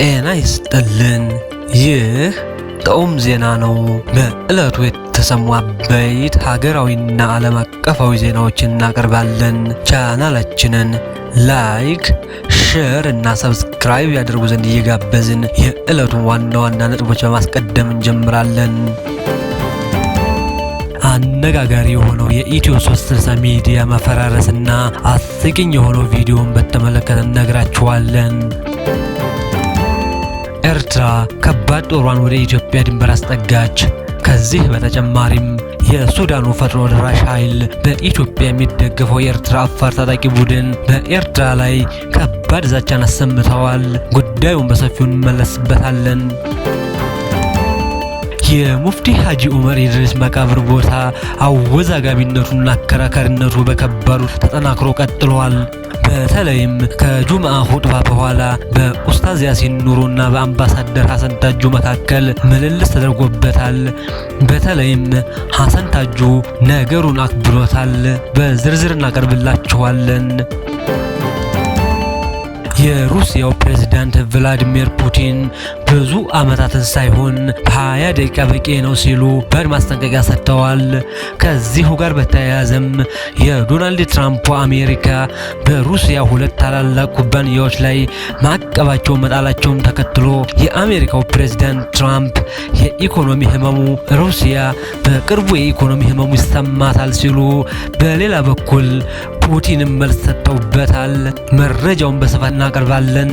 ጤና ይስጥልን። ይህ ጣዕም ዜና ነው። በዕለቱ የተሰሙ አበይት ሀገራዊና ዓለም አቀፋዊ ዜናዎችን እናቀርባለን። ቻናላችንን ላይክ፣ ሼር እና ሰብስክራይብ ያደርጉ ዘንድ እየጋበዝን የዕለቱን ዋና ዋና ነጥቦች በማስቀደም እንጀምራለን። አነጋጋሪ የሆነው የኢትዮ 360 ሚዲያ መፈራረስና አስቂኝ የሆነው ቪዲዮን በተመለከተ እነግራችኋለን። ኤርትራ ከባድ ጦሯን ወደ ኢትዮጵያ ድንበር አስጠጋች። ከዚህ በተጨማሪም የሱዳኑ ፈጥኖ ደራሽ ኃይል በኢትዮጵያ የሚደገፈው የኤርትራ አፋር ታጣቂ ቡድን በኤርትራ ላይ ከባድ ዛቻን አሰምተዋል። ጉዳዩን በሰፊው እንመለስበታለን። የሙፍቲ ሀጂ ኡመር ኢድሪስ መቃብር ቦታ አወዛጋቢነቱና አከራካሪነቱ በከባዱ ተጠናክሮ ቀጥሏል። በተለይም ከጁምአ ሁጥባ በኋላ በኡስታዝ ያሲን ኑሩና በአምባሳደር ሐሰን ታጁ መካከል ምልልስ ተደርጎበታል። በተለይም ሐሰን ታጁ ነገሩን አክብሎታል። በዝርዝር እናቀርብላችኋለን። የሩሲያው ፕሬዝዳንት ቭላዲሚር ፑቲን ብዙ ዓመታትን ሳይሆን ሀያ ደቂቃ በቂ ነው ሲሉ በድ ማስጠንቀቂያ ሰጥተዋል። ከዚሁ ጋር በተያያዘም የዶናልድ ትራምፕ አሜሪካ በሩሲያ ሁለት ታላላቅ ኩባንያዎች ላይ ማዕቀባቸውን መጣላቸውን ተከትሎ የአሜሪካው ፕሬዚዳንት ትራምፕ የኢኮኖሚ ህመሙ ሩሲያ በቅርቡ የኢኮኖሚ ህመሙ ይሰማታል ሲሉ፣ በሌላ በኩል ፑቲንም መልስ ሰጥተውበታል። መረጃውን በስፋት እናቀርባለን።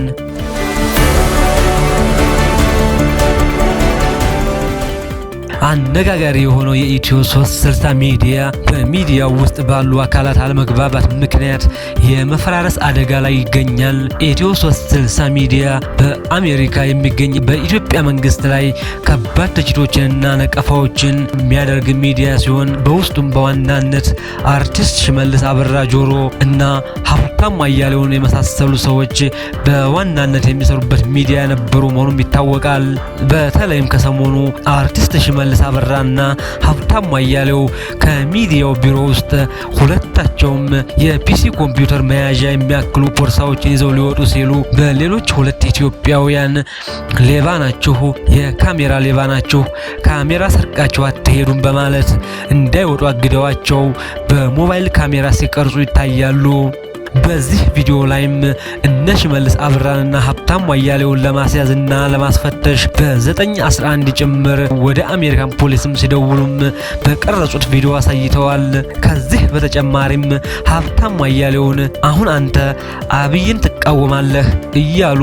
አነጋጋሪ የሆነው የኢትዮ 360 ሚዲያ በሚዲያው ውስጥ ባሉ አካላት አለመግባባት ምክንያት የመፈራረስ አደጋ ላይ ይገኛል። ኢትዮ 360 ሚዲያ በአሜሪካ የሚገኝ በኢትዮጵያ መንግስት ላይ ከባድ ትችቶችንና ነቀፋዎችን የሚያደርግ ሚዲያ ሲሆን በውስጡም በዋናነት አርቲስት ሽመልስ አበራ ጆሮ እና ሀብታም አያሌውን የመሳሰሉ ሰዎች በዋናነት የሚሰሩበት ሚዲያ የነበሩ መሆኑም ይታወቃል። በተለይም ከሰሞኑ አርቲስት ሽመልስ ሽመልስ አበራና ሀብታሙ አያሌው ከሚዲያው ቢሮ ውስጥ ሁለታቸውም የፒሲ ኮምፒውተር መያዣ የሚያክሉ ቦርሳዎችን ይዘው ሊወጡ ሲሉ በሌሎች ሁለት ኢትዮጵያውያን ሌባ ናችሁ፣ የካሜራ ሌባ ናችሁ፣ ካሜራ ሰርቃችሁ አትሄዱም በማለት እንዳይወጡ አግደዋቸው በሞባይል ካሜራ ሲቀርጹ ይታያሉ። በዚህ ቪዲዮ ላይም እነ ሽመልስ አብራንና ሀብታም አያሌውን ለማስያዝና ለማስፈተሽ በ911 ጭምር ወደ አሜሪካን ፖሊስም ሲደውሉም በቀረጹት ቪዲዮ አሳይተዋል። ከዚህ በተጨማሪም ሀብታም አያሌውን አሁን አንተ አብይን ትቃወማለህ እያሉ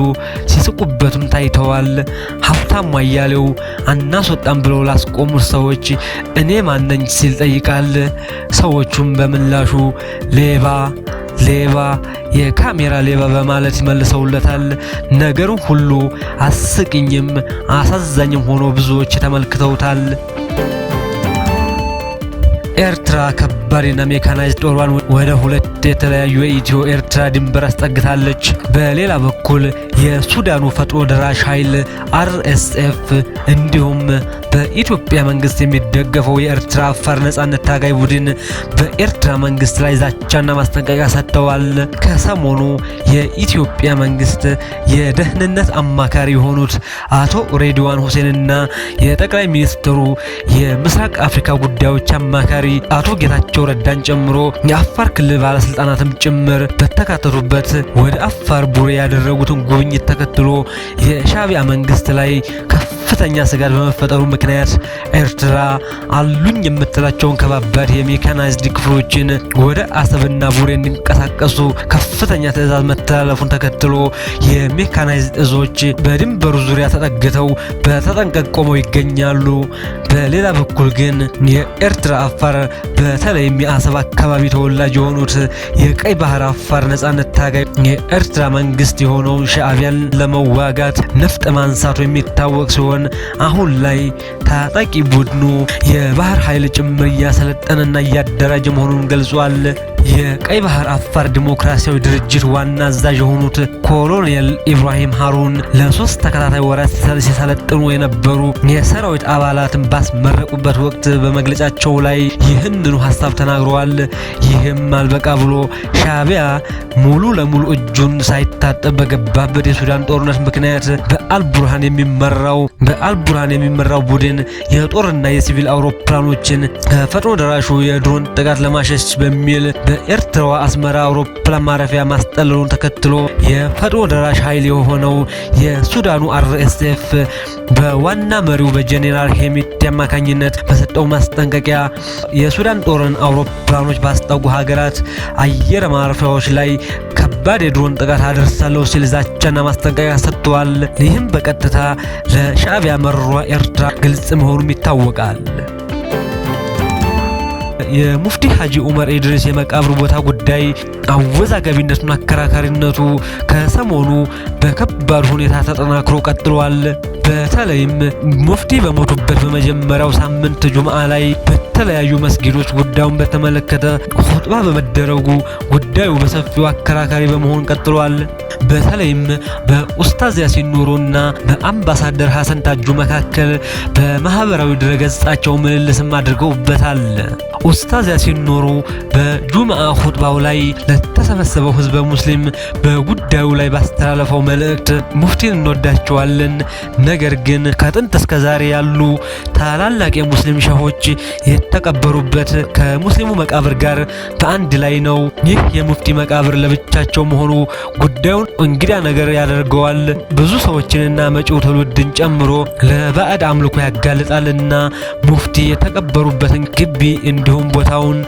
ሲስቁበትም ታይተዋል። ሀብታሙ አያሌው አናስወጣም ብለው ላስቆሙት ሰዎች እኔ ማነኝ ሲል ጠይቃል። ሰዎቹም በምላሹ ሌባ ሌባ፣ የካሜራ ሌባ በማለት ይመልሰውለታል። ነገሩ ሁሉ አስቂኝም አሳዛኝም ሆኖ ብዙዎች ተመልክተውታል። ኤርትራ ከባድ እና ሜካናይዝድ ጦሯን ወደ ሁለት የተለያዩ የኢትዮ ኤርትራ ድንበር አስጠግታለች። በሌላ በኩል የሱዳኑ ፈጥኖ ደራሽ ኃይል አርኤስኤፍ እንዲሁም በኢትዮጵያ መንግስት የሚደገፈው የኤርትራ አፋር ነጻነት ታጋይ ቡድን በኤርትራ መንግስት ላይ ዛቻና ማስጠንቀቂያ ሰጥተዋል። ከሰሞኑ የኢትዮጵያ መንግስት የደህንነት አማካሪ የሆኑት አቶ ሬድዋን ሁሴንና የጠቅላይ ሚኒስትሩ የምስራቅ አፍሪካ ጉዳዮች አማካሪ አቶ ጌታቸው ረዳን ጨምሮ የአፋር ክልል ባለስልጣናትም ጭምር በተካተቱበት ወደ አፋር ቡሬ ያደረጉትን ጉብኝ ጉብኝት ተከትሎ የሻቢያ መንግስት ላይ ከፍ ከፍተኛ ስጋት በመፈጠሩ ምክንያት ኤርትራ አሉኝ የምትላቸውን ከባባድ የሜካናይዝድ ክፍሎችን ወደ አሰብና ቡሬ እንዲንቀሳቀሱ ከፍተኛ ትዕዛዝ መተላለፉን ተከትሎ የሜካናይዝድ እዞች በድንበሩ ዙሪያ ተጠግተው በተጠንቀቅ ቆመው ይገኛሉ። በሌላ በኩል ግን የኤርትራ አፋር በተለይም የአሰብ አካባቢ ተወላጅ የሆኑት የቀይ ባህር አፋር ነጻነት ታጋይ የኤርትራ መንግስት የሆነውን ሻዕቢያን ለመዋጋት ነፍጥ ማንሳቱ የሚታወቅ ሲሆን ሲሆን አሁን ላይ ታጣቂ ቡድኑ የባህር ኃይል ጭምር እያሰለጠነና እያደራጀ መሆኑን ገልጿል። የቀይ ባህር አፋር ዲሞክራሲያዊ ድርጅት ዋና አዛዥ የሆኑት ኮሎኔል ኢብራሂም ሀሩን ለሶስት ተከታታይ ወራት ሲሰለጥኑ የነበሩ የሰራዊት አባላትን ባስመረቁበት ወቅት በመግለጫቸው ላይ ይህንኑ ሀሳብ ተናግረዋል። ይህም አልበቃ ብሎ ሻቢያ ሙሉ ለሙሉ እጁን ሳይታጠብ በገባበት የሱዳን ጦርነት ምክንያት በአልቡርሃን የሚመራው በአልቡርሃን የሚመራው ቡድን የጦርና የሲቪል አውሮፕላኖችን ከፈጥኖ ደራሹ የድሮን ጥቃት ለማሸሽ በሚል በኤርትራዋ አስመራ አውሮፕላን ማረፊያ ማስጠለሉን ተከትሎ የፈጥኖ ደራሽ ኃይል የሆነው የሱዳኑ አርኤስኤፍ በዋና መሪው በጄኔራል ሄሚድ አማካኝነት በሰጠው ማስጠንቀቂያ የሱዳን ጦርን አውሮፕላኖች ባስጠጉ ሀገራት አየር ማረፊያዎች ላይ ከባድ የድሮን ጥቃት አደርሳለሁ ሲል ዛቻና ማስጠንቀቂያ ሰጥተዋል። ይህም በቀጥታ ለሻዕቢያ መሯ ኤርትራ ግልጽ መሆኑም ይታወቃል። የሙፍቲ ሀጂ ኡመር ኢድሪስ የመቃብር ቦታ ጉዳይ አወዛጋቢነቱና አከራካሪነቱ ከሰሞኑ በከባድ ሁኔታ ተጠናክሮ ቀጥሏል። በተለይም ሙፍቲ በሞቱበት በመጀመሪያው ሳምንት ጁምአ ላይ በተለያዩ መስጊዶች ጉዳዩን በተመለከተ ኹጥባ በመደረጉ ጉዳዩ በሰፊው አከራካሪ በመሆን ቀጥሏል። በተለይም በኡስታዝ ያሲን ኑሩና በአምባሳደር ሐሰን ታጁ መካከል በማህበራዊ ድረገጻቸው ምልልስም አድርገውበታል። ኡስታዝ ያሲን ኑሩ በጁምአ ሁጥባው ላይ ለተሰበሰበው ህዝበ ሙስሊም በጉዳዩ ላይ ባስተላለፈው መልእክት ሙፍቲን እንወዳቸዋለን፣ ነገር ግን ከጥንት እስከ ዛሬ ያሉ ታላላቅ የሙስሊም ሸሆች የተቀበሩበት ከሙስሊሙ መቃብር ጋር በአንድ ላይ ነው። ይህ የሙፍቲ መቃብር ለብቻቸው መሆኑ ጉዳዩን እንግዳ ነገር ያደርገዋል። ብዙ ሰዎችንና መጪው ትውልድን ጨምሮ ለባዕድ አምልኮ ያጋልጣልና ሙፍቲ የተቀበሩበትን ግቢ እንዲሁም ቦታውን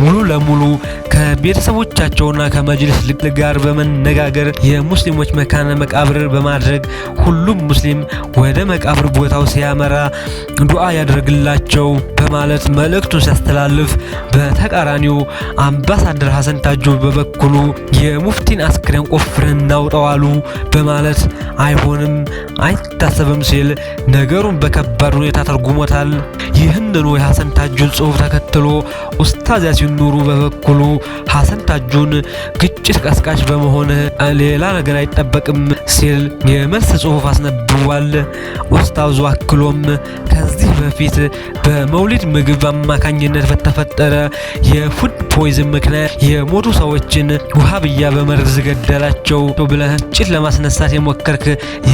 ሙሉ ለሙሉ ከቤተሰቦቻቸውና ከመጅልስ ልቅ ጋር በመነጋገር የሙስሊሞች መካነ መቃብር በማድረግ ሁሉም ሙስሊም ወደ መቃብር ቦታው ሲያመራ ዱዓ ያደርግላቸው በማለት መልእክቱን ሲያስተላልፍ፣ በተቃራኒው አምባሳደር ሀሰን ታጆ በበኩሉ የሙፍቲን አስክሬን ቆፍረን እናውጣው በማለት አይሆንም፣ አይታሰብም ሲል ነገሩን በከባድ ሁኔታ ተርጉሞታል። ይህንኑ የሐሰን ታጁን ጽሑፍ ተከትሎ ኡስታዝ ያሲን ኑሩ በበኩሉ ሐሰን ታጁን ግጭት ቀስቃሽ በመሆን ሌላ ነገር አይጠበቅም ሲል የመልስ ጽሑፍ አስነብቧል። ኡስታዙ አክሎም ከዚህ በፊት በመውሊድ ምግብ አማካኝነት በተፈጠረ የፉድ ፖይዝን ምክንያት የሞቱ ሰዎችን ውሃብያ በመርዝ ገደላቸው። ነው ብለህ ጭት ለማስነሳት የሞከርክ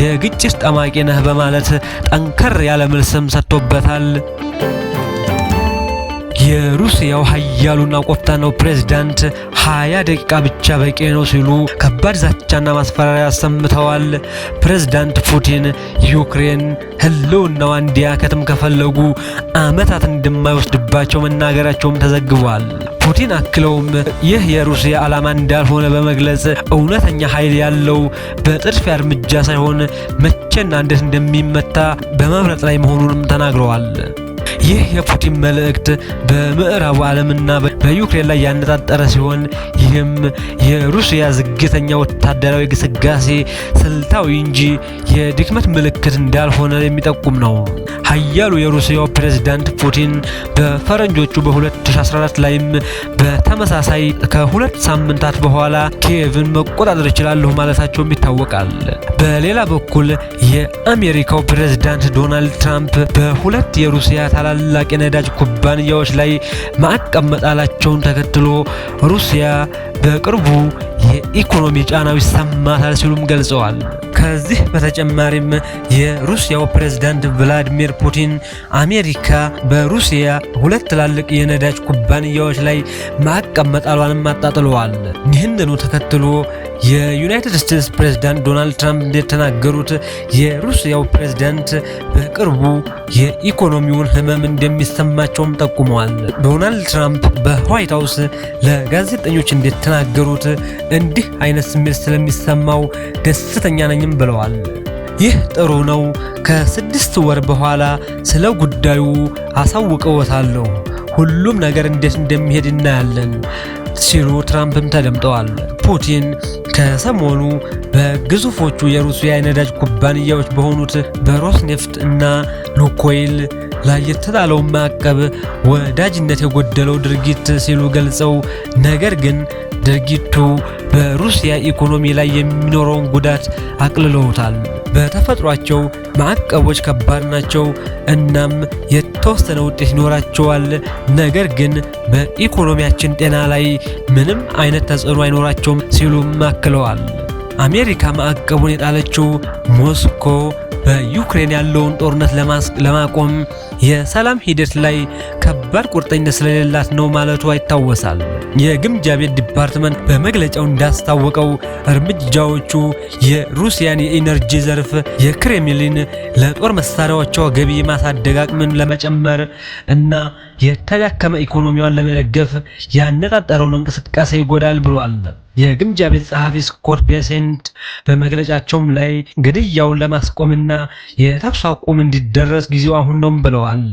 የግጭት ጠማቂ ነህ በማለት ጠንከር ያለ መልስም ሰጥቶበታል። የሩሲያው ኃያሉና ቆፍጣናው ፕሬዝዳንት ሀያ ደቂቃ ብቻ በቂ ነው ሲሉ ከባድ ዛቻና ማስፈራሪያ አሰምተዋል። ፕሬዝዳንት ፑቲን ዩክሬን ህልውናዋ እንዲያከትም ከፈለጉ ዓመታት እንደማይወስድባቸው መናገራቸውም ተዘግቧል። ፑቲን አክለውም ይህ የሩሲያ ዓላማ እንዳልሆነ በመግለጽ እውነተኛ ኃይል ያለው በጥድፊያ እርምጃ ሳይሆን መቼና እንዴት እንደሚመታ በመምረጥ ላይ መሆኑንም ተናግረዋል። ይህ የፑቲን መልእክት በምዕራቡ ዓለምና በዩክሬን ላይ ያነጣጠረ ሲሆን ይህም የሩሲያ ዝግተኛ ወታደራዊ ግስጋሴ ስልታዊ እንጂ የድክመት ምልክት እንዳልሆነ የሚጠቁም ነው። ኃያሉ የሩሲያው ፕሬዝዳንት ፑቲን በፈረንጆቹ በ2014 ላይም በተመሳሳይ ከሁለት ሳምንታት በኋላ ኪየቭን መቆጣጠር ይችላለሁ ማለታቸውም ይታወቃል። በሌላ በኩል የአሜሪካው ፕሬዝዳንት ዶናልድ ትራምፕ በሁለት የሩሲያ ታላላ ታላላቅ የነዳጅ ኩባንያዎች ላይ ማዕቀብ መጣላቸውን ተከትሎ ሩሲያ በቅርቡ የኢኮኖሚ ጫናው ይሰማታል ሲሉም ገልጸዋል። ከዚህ በተጨማሪም የሩሲያው ፕሬዝዳንት ቭላዲሚር ፑቲን አሜሪካ በሩሲያ ሁለት ትላልቅ የነዳጅ ኩባንያዎች ላይ ማዕቀብ መጣሏንም አጣጥለዋል። ይህንኑ ተከትሎ የዩናይትድ ስቴትስ ፕሬዝዳንት ዶናልድ ትራምፕ እንደተናገሩት የሩሲያው ፕሬዝዳንት በቅርቡ የኢኮኖሚውን ህመም እንደሚሰማቸውም ጠቁመዋል። ዶናልድ ትራምፕ በዋይት ሀውስ ለጋዜጠኞች እንደተናገሩት እንዲህ አይነት ስሜት ስለሚሰማው ደስተኛ ነኝ አለኝ ብለዋል። ይህ ጥሩ ነው። ከስድስት ወር በኋላ ስለ ጉዳዩ አሳውቀዎታለሁ። ሁሉም ነገር እንዴት እንደሚሄድ እናያለን ሲሉ ትራምፕም ተደምጠዋል። ፑቲን ከሰሞኑ በግዙፎቹ የሩሲያ የነዳጅ ኩባንያዎች በሆኑት በሮስኔፍት እና ሉኮይል ላይ የተጣለውን ማዕቀብ ወዳጅነት የጎደለው ድርጊት ሲሉ ገልጸው ነገር ግን ድርጊቱ በሩሲያ ኢኮኖሚ ላይ የሚኖረውን ጉዳት አቅልለውታል። በተፈጥሯቸው ማዕቀቦች ከባድ ናቸው፣ እናም የተወሰነ ውጤት ይኖራቸዋል። ነገር ግን በኢኮኖሚያችን ጤና ላይ ምንም አይነት ተጽዕኖ አይኖራቸውም ሲሉም አክለዋል። አሜሪካ ማዕቀቡን የጣለችው ሞስኮ በዩክሬን ያለውን ጦርነት ለማቆም የሰላም ሂደት ላይ ከባድ ቁርጠኝነት ስለሌላት ነው ማለቷ ይታወሳል። የግምጃ ቤት ዲፓርትመንት በመግለጫው እንዳስታወቀው እርምጃዎቹ የሩሲያን የኢነርጂ ዘርፍ የክሬምሊን ለጦር መሳሪያዎቿ ገቢ የማሳደግ አቅምን ለመጨመር እና የተዳከመ ኢኮኖሚዋን ለመደገፍ ያነጣጠረውን እንቅስቃሴ ይጎዳል ብሏል። የግምጃ ቤት ጸሐፊ ስኮት ቤሴንት በመግለጫቸውም ላይ ግድያውን ለማስቆምና የተኩስ አቁም እንዲደረስ ጊዜው አሁን ነው ብለዋል።